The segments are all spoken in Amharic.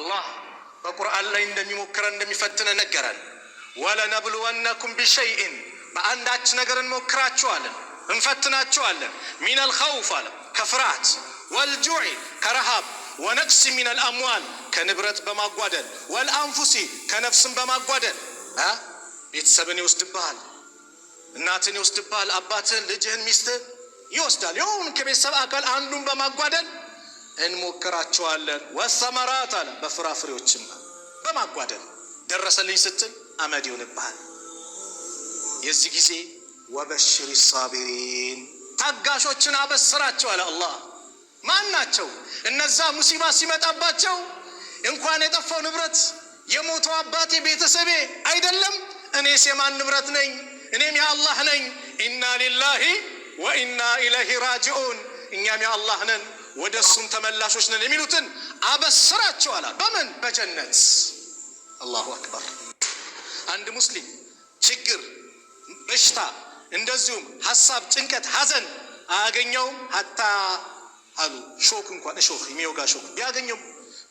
አላህ በቁርአን ላይ እንደሚሞክረን እንደሚፈትነ ነገረን። ወለነብልወነኩም ቢሸይእን በአንዳች ነገር እንሞክራችኋለን እንፈትናችኋለን። ሚነል ኸውፍ አለ ከፍርሃት፣ ወልጁዕ ከረሃብ፣ ወነቅስ ሚነል አምዋል ከንብረት በማጓደል ወልአንፉሲ ከነፍስን በማጓደል ቤተሰብን ይወስድብሃል፣ እናትን ይወስድብሃል፣ አባትን፣ ልጅህን፣ ሚስትህ ይወስዳል። የሆን ከቤተሰብ አካል አንዱን በማጓደል እንሞክራቸዋለን። ወሰመራት አለ በፍራፍሬዎችም በማጓደል ደረሰልኝ ስትል አመድ ይሆንብሃል። የዚህ ጊዜ ወበሽሪ ሳቢሪን ታጋሾችን አበስራቸው አለ አላህ። ማን ናቸው እነዛ? ሙሲባ ሲመጣባቸው እንኳን የጠፋው ንብረት የሞተው አባቴ ቤተሰቤ አይደለም እኔስ የማን ንብረት ነኝ? እኔም የአላህ ነኝ። ኢና ሊላሂ ወኢና ኢለይህ ራጅዑን እኛም የአላህ ነን ወደ እሱም ተመላሾች ነን የሚሉትን አበስራቸው አላል። በምን በጀነት አላሁ አክበር። አንድ ሙስሊም ችግር፣ በሽታ፣ እንደዚሁም ሀሳብ፣ ጭንቀት፣ ሀዘን አያገኘውም። ሀታ አሉ ሾክ እንኳን እሾክ የሚወጋ ሾክ ቢያገኘውም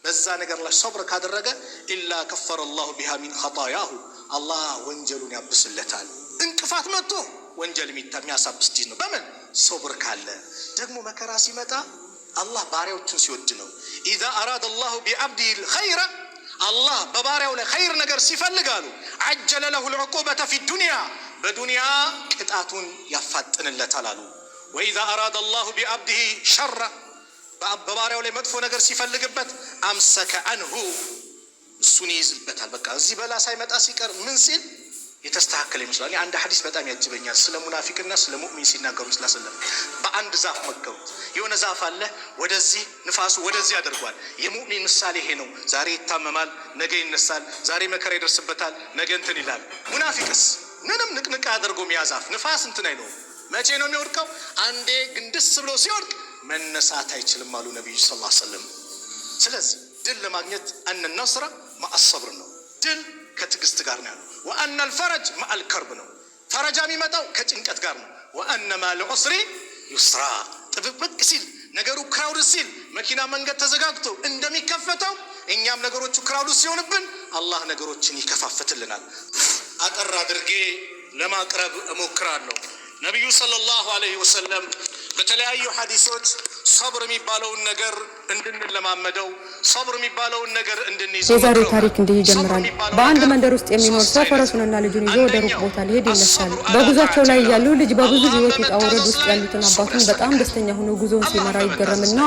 በዛ ነገር ላይ ሰብር ካደረገ ኢላ ከፈረ ላሁ ቢሃ ሚን ኸጣያሁ አላህ ወንጀሉን ያብስለታል። እንቅፋት መጥቶ ወንጀል የሚያሳብስ ዲን ነው። በምን ሰብር ካለ ደግሞ መከራ ሲመጣ አላህ ባሪያዎችን ሲወድ ነው። ኢዛ አራደ አላሁ ቢአብዲ ኸይረ አላህ በባሪያው ላይ ኸይር ነገር ሲፈልግ አሉ አጀለ ለሁ ልዕቁበተ ፊ ዱንያ በዱንያ ቅጣቱን ያፋጥንለታል አሉ። ወኢዛ አራደ አላሁ ቢአብዲህ ሸረ በባሪያው ላይ መጥፎ ነገር ሲፈልግበት አምሰከ አንሁ እሱን ይይዝበታል። በቃ እዚህ በላ ሳይመጣ ሲቀር ምን ሲል የተስተካከለ ይመስላል። አንድ ሀዲስ በጣም ያጅበኛል። ስለ ሙናፊቅና ስለ ሙእሚን ሲናገሩ ስለም በአንድ ዛፍ መገቡት። የሆነ ዛፍ አለ፣ ወደዚህ ንፋሱ ወደዚህ አድርጓል የሙእሚን ምሳሌ ይሄ ነው። ዛሬ ይታመማል፣ ነገ ይነሳል። ዛሬ መከራ ይደርስበታል፣ ነገ እንትን ይላል። ሙናፊቅስ ምንም ንቅንቅ አያደርገውም። ያ ዛፍ ንፋስ እንትን አይለውም። መቼ ነው የሚወድቀው? አንዴ ግንድስ ብሎ ሲወድቅ መነሳት አይችልም አሉ ነቢዩ ስ ስለዚህ ድል ለማግኘት እነ ማአሰብር ነው ድል ከትዕግስት ጋር ነው ያሉ። ወአነ ልፈረጅ ማአል ከርብ ነው። ፈረጃ የሚመጣው ከጭንቀት ጋር ነው። ወአነ ማል ዑስሪ ዩስራ። ጥብቅብቅ ሲል ነገሩ ክራውድ ሲል መኪና መንገድ ተዘጋግቶ እንደሚከፈተው እኛም ነገሮቹ ክራውድ ሲሆንብን አላህ ነገሮችን ይከፋፍትልናል። አጠር አድርጌ ለማቅረብ እሞክራለሁ። ነቢዩ ሰለላሁ ዐለይሂ ወሰለም በተለያዩ ሀዲሶች ሰብር የሚባለውን ነገር እንድንለማመደው ሰብር የሚባለው ነገር እንድንይዘው የዛሬ ታሪክ እንዲህ ይጀምራል። በአንድ መንደር ውስጥ የሚኖር ሰው ፈረሱንና ልጁን ይዞ ወደ ሩቅ ቦታ ሊሄድ ይነሳል። በጉዟቸው ላይ ያሉ ልጅ በብዙ ሕይወት ውጣ ውረድ ውስጥ ያሉትን አባቱን በጣም ደስተኛ ሆኖ ጉዞውን ሲመራ ይገረምና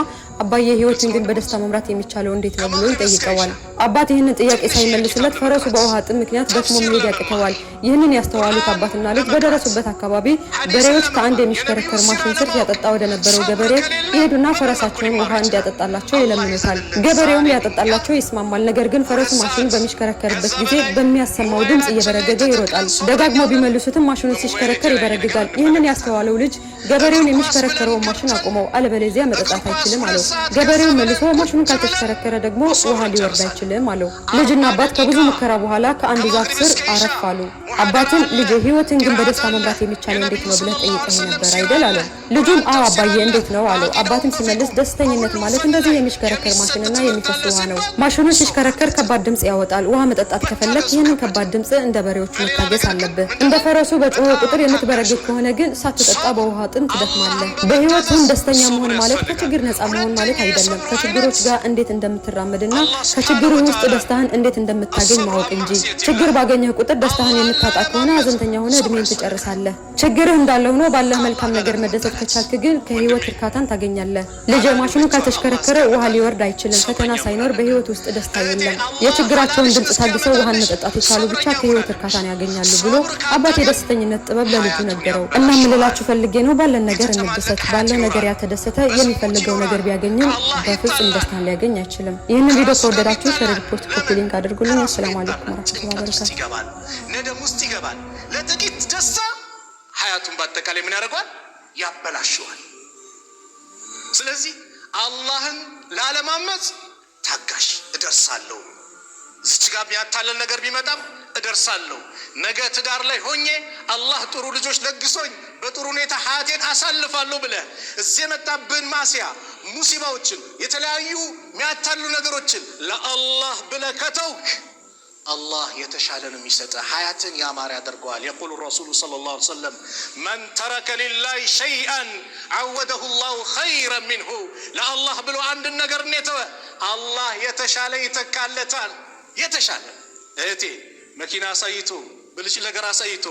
አባዬ ህይወትን ግን በደስታ መምራት የሚቻለው እንዴት ነው ብሎ ይጠይቀዋል። አባት ይህንን ጥያቄ ሳይመልሱለት ፈረሱ በውሃ ጥም ምክንያት ደክሞ መሄድ ያቅተዋል። ይህንን ያስተዋሉት አባትና ልጅ በደረሱበት አካባቢ በሬዎች ከአንድ የሚሽከረከር ማሽን ስር ያጠጣ ወደ ነበረው ገበሬ ይሄዱና ፈረሳቸውን ውሃ እንዲያጠጣላቸው ይለምኑታል። ገበሬውም ሊያጠጣላቸው ይስማማል። ነገር ግን ፈረሱ ማሽኑ በሚሽከረከርበት ጊዜ በሚያሰማው ድምፅ እየበረገገ ይሮጣል። ደጋግሞ ቢመልሱትም ማሽኑ ሲሽከረከር ይበረግጋል። ይህንን ያስተዋለው ልጅ ገበሬውን የሚሽከረከረውን ማሽን አቁመው፣ አለበለዚያ መጠጣት አይችልም አለው። ገበሬው መልሶ ማሽኑን ካልተሽከረከረ ደግሞ ውሃ ሊወርድ አይችልም አለው። ልጅና አባት ከብዙ ሙከራ በኋላ ከአንድ ዛፍ ስር አረፍ አሉ። አባቱን ልጅ ህይወትን ግን በደስታ መምራት የሚቻለው እንዴት ነው ብለህ ጠይቀኝ ነበር አይደል? አለው። ልጁም አዎ አባዬ እንዴት ነው አለው። አባትም ሲመልስ ደስተኝነት ማለት እንደዚህ የሚሽከረከር ማሽንና የሚፈስ ውሃ ነው። ማሽኑ ሲሽከረከር ከባድ ድምፅ ያወጣል። ውሃ መጠጣት ከፈለግ ይህንን ከባድ ድምፅ እንደ በሬዎቹ መታገስ አለብህ። እንደ ፈረሱ በጮኸ ቁጥር የምትበረግግ ከሆነ ግን ሳትጠጣ በውሃ ጥም ትደክማለህ። በህይወትህም ደስተኛ መሆን ማለት ከችግር ነፃ መሆን ማለት አይደለም፣ ከችግሮች ጋር እንዴት እንደምትራመድና ከችግሩ ውስጥ ደስታህን እንዴት እንደምታገኝ ማወቅ እንጂ ችግር ባገኘህ ቁጥር ደስታህን የምታ የምታጣ ከሆነ ሀዘንተኛ ሆነ እድሜን ትጨርሳለህ። ችግርህ እንዳለው ነው። ባለህ መልካም ነገር መደሰት ከቻልክ ግን ከህይወት እርካታን ታገኛለህ። ልጅ ማሽኑ ካልተሽከረከረ ውሃ ሊወርድ አይችልም። ፈተና ሳይኖር በህይወት ውስጥ ደስታ የለም። የችግራቸውን ድምፅ ታግሰው ውሃን መጠጣት የቻሉ ብቻ ከህይወት እርካታን ያገኛሉ ብሎ አባት የደስተኝነት ጥበብ ለልጁ ነገረው እና ምልላችሁ ፈልጌ ነው ባለን ነገር እንደሰት ባለ ነገር ያልተደሰተ የሚፈልገው ነገር ቢያገኝም በፍጹም ደስታን ሊያገኝ አይችልም። ይህንን ቪዲዮ ከወደዳችሁ ሸር፣ ሪፖርት፣ ኮፒ ሊንክ አድርጉልኝ። አሰላሙ አለይኩም ወረህመቱላሂ ወበረካቱ ገደም ውስጥ ይገባል። ለጥቂት ደስታ ሀያቱን በአጠቃላይ ምን ያደርገዋል? ያበላሸዋል። ስለዚህ አላህን ላለማመፅ ታጋሽ እደርሳለሁ። ዝች ጋር የሚያታለል ነገር ቢመጣም እደርሳለሁ። ነገ ትዳር ላይ ሆኜ አላህ ጥሩ ልጆች ለግሶኝ በጥሩ ሁኔታ ሀያቴን አሳልፋለሁ ብለ እዚህ የመጣብን ማስያ ሙሲባዎችን፣ የተለያዩ የሚያታሉ ነገሮችን ለአላህ ብለ ከተውክ አላህ የተሻለንም ይሰጠ ሀያትን ያማረ ያደርገዋል። የቁሉ ረሱሉ ሰለላሁ ዐለይሂ ወሰለም መን ተረከ ሊላሂ ሸይአን ዓወደሁ ላሁ ኸይረን ሚንሁ ለአላህ ብሎ አንድን ነገር የተወ አላህ የተሻለ ይተካለታል። የተሻለ እህቴ መኪና አሳይቶ ብልጭ ነገር አሳይቶ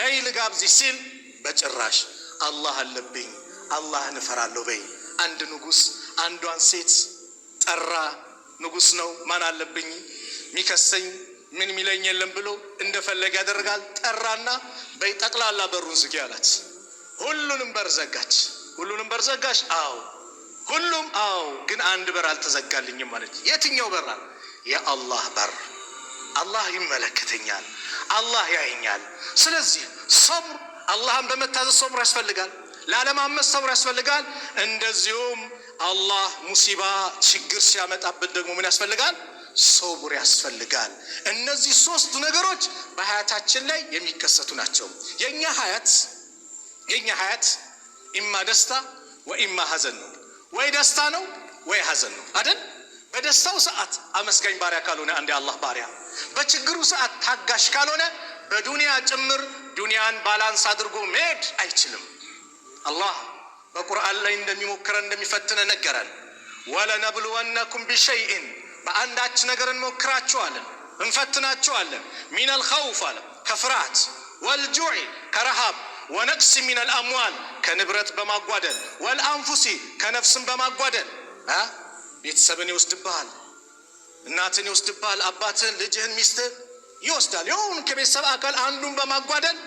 ነይ ልጋብዝሽ ሲል በጭራሽ አላህ አለብኝ አላህን እፈራለሁ በይ። አንድ ንጉስ አንዷን ሴት ጠራ። ንጉስ ነው ማን አለብኝ ሚከሰኝ ምን ሚለኝ የለም ብሎ እንደፈለገ ያደርጋል። ጠራና በይ ጠቅላላ በሩን ዝጊ አላት። ሁሉንም በር ዘጋች። ሁሉንም በር ዘጋች? አዎ ሁሉም አዎ። ግን አንድ በር አልተዘጋልኝም ማለት። የትኛው በር? የአላህ በር። አላህ ይመለከተኛል፣ አላህ ያይኛል ስለዚህ ሶብር፣ አላህን በመታዘዝ ሶብር ያስፈልጋል። ላለማመስ ሶብር ያስፈልጋል። እንደዚሁም አላህ ሙሲባ ችግር ሲያመጣበት ደግሞ ምን ያስፈልጋል? ሰቡር ያስፈልጋል። እነዚህ ሶስቱ ነገሮች በሀያታችን ላይ የሚከሰቱ ናቸው። የእኛ ሀያት የእኛ ሀያት ኢማ ደስታ ወኢማ ሀዘን ነው። ወይ ደስታ ነው ወይ ሀዘን ነው አደን በደስታው ሰዓት አመስጋኝ ባሪያ ካልሆነ አንድ አላህ ባሪያ በችግሩ ሰዓት ታጋሽ ካልሆነ በዱንያ ጭምር ዱንያን ባላንስ አድርጎ መሄድ አይችልም። አላህ በቁርአን ላይ እንደሚሞክረን እንደሚፈትነ ነገረን። ወለነብልወነኩም ቢሸይእን በአንዳች ነገር እንሞክራቸዋለን እንፈትናቸዋለን ሚነል ኸውፍ አለ ከፍርሃት ወልጁዕ ከረሃብ ወነቅስ ሚነል አምዋል ከንብረት በማጓደል ወልአንፉሲ ከነፍስን በማጓደል ቤተሰብን ይወስድብሃል፣ እናትን ይወስድብሃል፣ አባትን፣ ልጅህን፣ ሚስት ይወስዳል። ይሁን ከቤተሰብ አካል አንዱን በማጓደል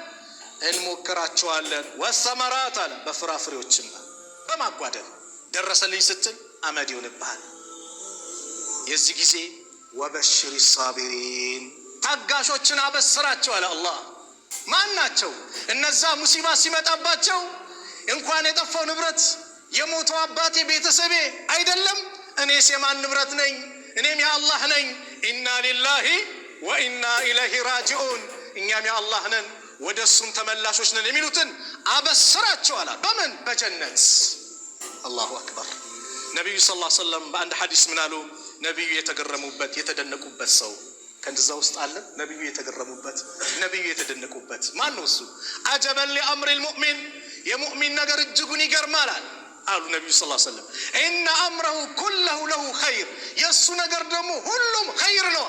እንሞክራቸዋለን። ወሰመራት አለ በፍራፍሬዎችና በማጓደል ደረሰልኝ ስትል አመድ ይሆንብሃል። የዚህ ጊዜ ወበሽሪ ሳቢሪን ታጋሾችን አበስራቸው አለ አላህ። ማን ናቸው እነዛ? ሙሲባ ሲመጣባቸው እንኳን የጠፋው ንብረት የሞተው አባቴ ቤተሰቤ አይደለም እኔስ የማን ንብረት ነኝ? እኔም የአላህ ነኝ። ኢና ሊላሂ ወኢና ኢለይሂ ራጅዑን እኛም የአላህ ነን ወደ እሱም ተመላሾች ነን የሚሉትን አበስራቸው አላ በምን በጀነት አላሁ አክበር። ነቢዩ ሰለላሁ ዐለይሂ ወሰለም በአንድ ሐዲስ ምን አሉ? ነቢዩ የተገረሙበት የተደነቁበት ሰው ከእንደዛ ውስጥ አለ። ነቢዩ የተገረሙበት ነቢዩ የተደነቁበት ማን ነው እሱ? አጀበን ሊአምሪል ሙእሚን የሙእሚን ነገር እጅጉን ይገርማላል አሉ ነቢዩ ስ ሰለም እና አምረሁ ኩለሁ ለሁ ኸይር የእሱ ነገር ደግሞ ሁሉም ኸይር ነው።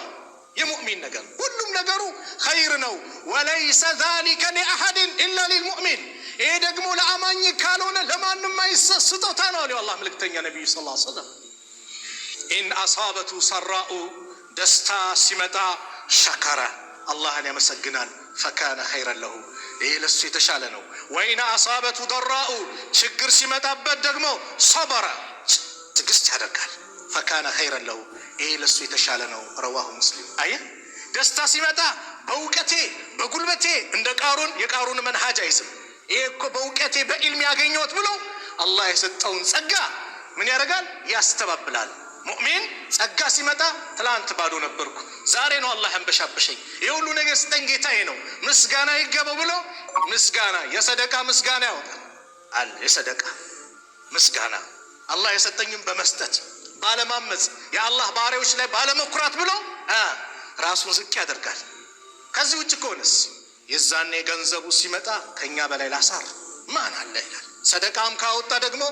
የሙእሚን ነገር ሁሉም ነገሩ ኸይር ነው። ወለይሰ ዛሊከ ሊአሐድን ኢላ ሊልሙእሚን ይሄ ደግሞ ለአማኝ ካልሆነ ለማንም አይሰ ስጦታ ነው አሉ አላህ መልእክተኛ ነቢዩ ስ ሰለም ኢን አሳበቱ ሰራኡ ደስታ ሲመጣ ሸከረ አላህን ያመሰግናል ፈካነ ኸይረን ለሁ ይህ ለሱ የተሻለ ነው። ወይነ አሳበቱ ደራኡ ችግር ሲመጣበት ደግሞ ሰበረ ትግስት ያደርጋል ፈካነ ኸይረን ለሁ ይህ ለሱ የተሻለ ነው። ረዋሁ ሙስሊም። አየህ ደስታ ሲመጣ በእውቀቴ በጉልበቴ እንደ ቃሩን የቃሩን መንሃጅ አይዝም። ይሄ እኮ በእውቀቴ በኢልም ያገኘሁት ብሎ አላህ የሰጠውን ጸጋ ምን ያደርጋል? ያስተባብላል። ሙእሚን ጸጋ ሲመጣ ትላንት ባዶ ነበርኩ፣ ዛሬ ነው አላህ ያንበሻበሸኝ፣ የሁሉ ነገር ስጠኝ ጌታዬ ነው ምስጋና ይገባው ብሎ ምስጋና የሰደቃ ምስጋና ያወጣል አለ። የሰደቃ ምስጋና አላህ የሰጠኝም በመስጠት ባለማመፅ፣ የአላህ ባህሪዎች ላይ ባለመኩራት ብሎ ራሱን ዝቅ ያደርጋል። ከዚህ ውጭ ከሆነስ የዛኔ ገንዘቡ ሲመጣ ከእኛ በላይ ላሳር ማን አለ ይላል። ሰደቃም ካወጣ ደግሞ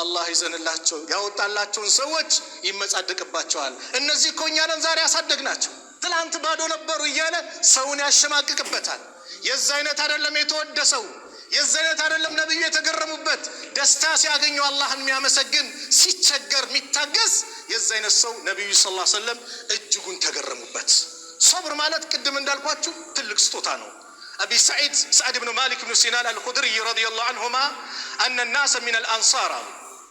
አላህ ይዘንላቸው ያወጣላቸውን ሰዎች ይመጻደቅባቸዋል። እነዚህ እኮ እኛንም ዛሬ ናቸው። ትላንት ባዶ ነበሩ እያለ ሰውን ያሸማቅቅበታል። የዛ አይነት አይደለም የተወደሰው፣ የዛ አይነት አይደለም ነቢዩ የተገረሙበት። ደስታ ሲያገኙ አላህን የሚያመሰግን ሲቸገር የሚታገዝ የዛ አይነት ሰው ነቢዩ ሰለላሁ ዐለይሂ እጅጉን ተገረሙበት። ሶብር ማለት ቅድም እንዳልኳችሁ ትልቅ ስጦታ ነው። أبي سعيد سعد بن مالك بن አልኩድርይ الخدري አንሁማ الله عنهما أن الناس من الأنصار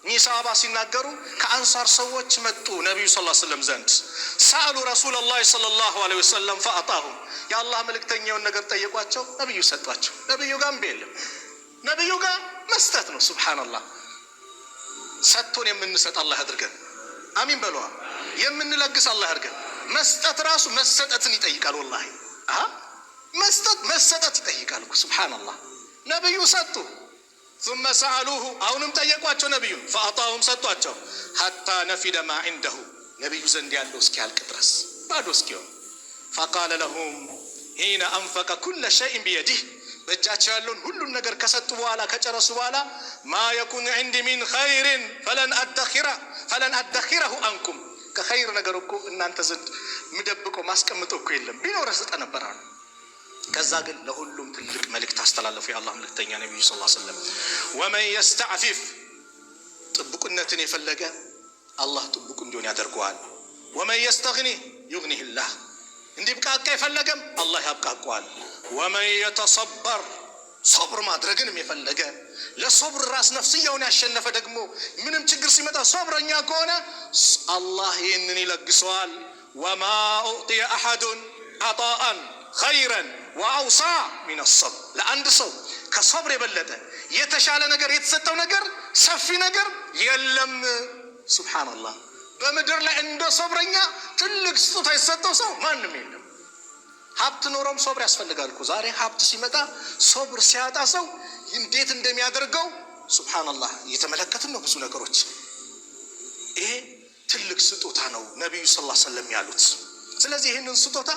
ኒሳባ ሲናገሩ ከአንሳር ሰዎች መጡ ነቢዩ ስ ስለም ዘንድ ሳአሉ ረሱል ላህ ለ ላሁ ለ ወሰለም ፈአጣሁም የአላህ መልእክተኛውን ነገር ጠየቋቸው ነቢዩ ሰጧቸው ነቢዩ ጋር እምቢ የለም ነቢዩ ጋር መስጠት ነው ስብሓንላህ ሰጥቶን የምንሰጥ አላህ አድርገን አሚን በለዋ የምንለግስ አላህ አድርገን መስጠት ራሱ መሰጠትን ይጠይቃል ወላሂ መስጠት መሰጠት ይጠይቃል እኮ ሱብሓነላህ። ነቢዩ ሰጡ፣ ثመ ሰአሉሁ አሁንም ጠየቋቸው ነቢዩን ፈአጣሁም ሰጧቸው። ሐታ ነፊደ ማ ዒንደሁ ነቢዩ ዘንድ ያለው እስኪያልቅ ድረስ ባዶ እስኪሆን ፈቃለ ለሁም ሒነ አንፈቀ ኩለ ሸይን ቢየዲህ በእጃቸው ያለውን ሁሉን ነገር ከሰጡ በኋላ ከጨረሱ በኋላ ማ የኩን ዒንዲ ሚን ኸይሪን ፈለን አደኪረሁ አንኩም ከኸይር ነገር እኮ እናንተ ዘንድ ምደብቆ ማስቀምጦ እኮ የለም ቢኖረ ስጠ ነበራሉ ከዛ ግን ለሁሉም ትልቅ መልእክት አስተላለፉ። የአላህ መልእክተኛ ነቢዩ ስ ሰለም ወመን የስተዕፊፍ ጥቡቅነትን የፈለገ አላህ ጥቡቅ እንዲሆን ያደርገዋል። ወመን የስተግኒ ዩግኒህላህ እንዲብቃቃ የፈለገም አላህ ያብቃቀዋል። ወመን የተሰበር ሶብር ማድረግንም የፈለገ ለሶብር ራስ ነፍስያውን ያሸነፈ ደግሞ ምንም ችግር ሲመጣ ሶብረኛ ከሆነ አላህ ይህንን ይለግሰዋል። ወማ ኡዕጢየ አሐዱን አጣአን ኸይረን ወአውሳ ሚን ሰብር ለአንድ ሰው ከሰብር የበለጠ የተሻለ ነገር የተሰጠው ነገር ሰፊ ነገር የለም። ሱብሓነላህ በምድር ላይ እንደ ሶብረኛ ትልቅ ስጦታ የተሰጠው ሰው ማንም የለም። ሀብት ኖሮም ሶብር ያስፈልጋል እኮ። ዛሬ ሀብት ሲመጣ ሶብር ሲያጣ ሰው እንዴት እንደሚያደርገው ሱብሓነላህ እየተመለከትን ነው ብዙ ነገሮች። ይሄ ትልቅ ስጦታ ነው ነቢዩ ሰለላሁ ዐለይሂ ወሰለም ያሉት። ስለዚህ ይህንን ስጦታ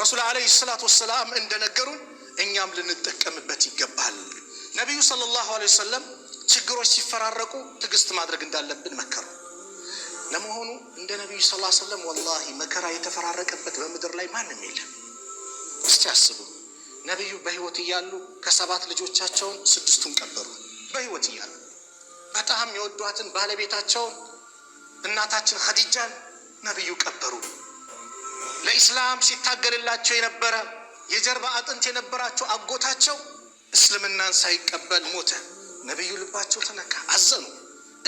ረሱል ዓለይሂ ሰላቱ ወሰላም እንደነገሩን እኛም ልንጠቀምበት ይገባል። ነቢዩ ሰለላሁ ዓለይሂ ወሰለም ችግሮች ሲፈራረቁ ትዕግስት ማድረግ እንዳለብን መከሩ። ለመሆኑ እንደ ነቢዩ ስ ሰለም ወላሂ መከራ የተፈራረቀበት በምድር ላይ ማንም የለም። እስቲ አስቡ። ነቢዩ በህይወት እያሉ ከሰባት ልጆቻቸውን ስድስቱን ቀበሩ። በህይወት እያሉ በጣም የወዷትን ባለቤታቸውን እናታችን ኸዲጃን ነቢዩ ቀበሩ። ለኢስላም ሲታገልላቸው የነበረ የጀርባ አጥንት የነበራቸው አጎታቸው እስልምናን ሳይቀበል ሞተ። ነቢዩ ልባቸው ተነካ፣ አዘኑ።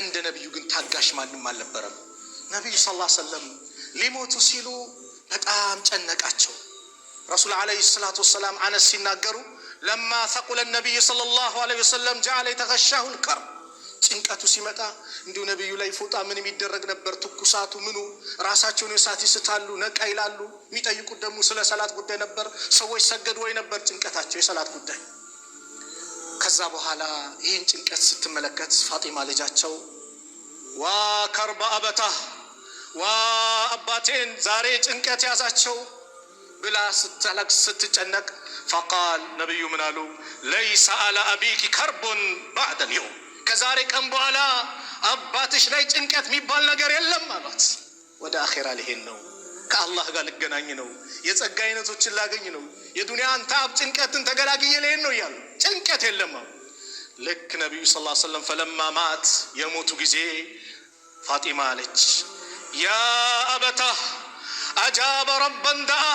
እንደ ነቢዩ ግን ታጋሽ ማንም አልነበረም። ነቢዩ ሰለላሁ ዐለይሂ ሊሞቱ ሲሉ በጣም ጨነቃቸው። ረሱል ዐለይሂ ሰላቱ ወሰላም አነስ ሲናገሩ ለማ ተቁለ ነቢዩ ሰለላሁ ዐለይሂ ወሰለም ጀዐለ የተገሻሁ ልከርብ ጭንቀቱ ሲመጣ እንዲሁ ነቢዩ ላይ ፎጣ ምን የሚደረግ ነበር፣ ትኩሳቱ ምኑ ራሳቸውን እሳት ይስታሉ፣ ነቃ ይላሉ። የሚጠይቁት ደግሞ ስለ ሰላት ጉዳይ ነበር። ሰዎች ሰገድ ወይ ነበር ጭንቀታቸው የሰላት ጉዳይ። ከዛ በኋላ ይህን ጭንቀት ስትመለከት ፋጢማ ልጃቸው ዋ ከርባ አበታ ዋ አባቴን ዛሬ ጭንቀት ያዛቸው ብላ ስትለቅ ስትጨነቅ፣ ፈቃል ነቢዩ ምን አሉ? ለይሰ አላ አቢኪ ከርቡን ባዕደ የውም ከዛሬ ቀን በኋላ አባትሽ ላይ ጭንቀት የሚባል ነገር የለም አሏት። ወደ አኼራ ሊሄድ ነው። ከአላህ ጋር ልገናኝ ነው። የጸጋ አይነቶችን ላገኝ ነው። የዱንያን ታብ ጭንቀትን ተገላግዬ ልሄድ ነው እያሉ ጭንቀት የለም አሉ። ልክ ነቢዩ ስ ላ ሰለም ፈለማ ማት የሞቱ ጊዜ ፋጢማ አለች ያ አበታ አጃበ ረበን ዳአ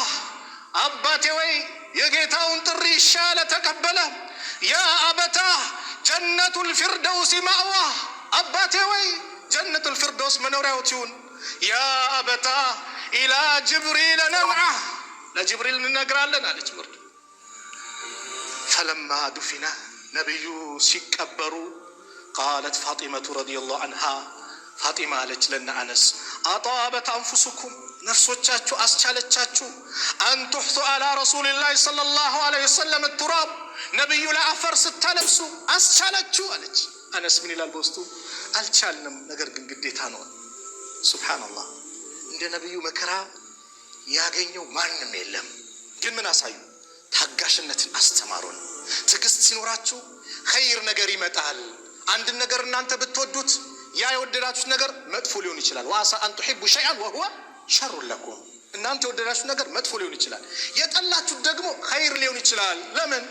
አባቴ ወይ የጌታውን ጥሪ ይሻለ ተቀበለ ያ አበታህ جنة الفردوس مأوى أباتي وي جنة الفردوس من أوريوتيون يا أبتا إلى جبريل لا جبريل من ننقرأ لنا لجبريل فلما دفن نبي سكبروا قالت فاطمة رضي الله عنها فاطمة لجلن أنس أطابت أنفسكم ነፍሶቻችሁ አስቻለቻችሁ አንቱሕቱ አላ ረሱልላህ ሰለላሁ ዐለይሂ ወሰለም ቱራብ ነቢዩ ለአፈር ስታለብሱ አስቻላችሁ አለች። አነስ ምን ይላል በውስጡ አልቻልንም፣ ነገር ግን ግዴታ ነው። ሱብሓነላህ እንደ ነቢዩ መከራ ያገኘው ማንም የለም። ግን ምን አሳዩ? ታጋሽነትን አስተማሩን። ትዕግስት ሲኖራችሁ ኸይር ነገር ይመጣል። አንድን ነገር እናንተ ብትወዱት ያ የወደዳችሁት ነገር መጥፎ ሊሆን ይችላል። ወአሳ አንቱሒቡ ሸይአን ወሁወ ሸሩን ለኩም እናንተ የወደዳችሁ ነገር መጥፎ ሊሆን ይችላል። የጠላችሁ ደግሞ ኸይር ሊሆን ይችላል። ለምን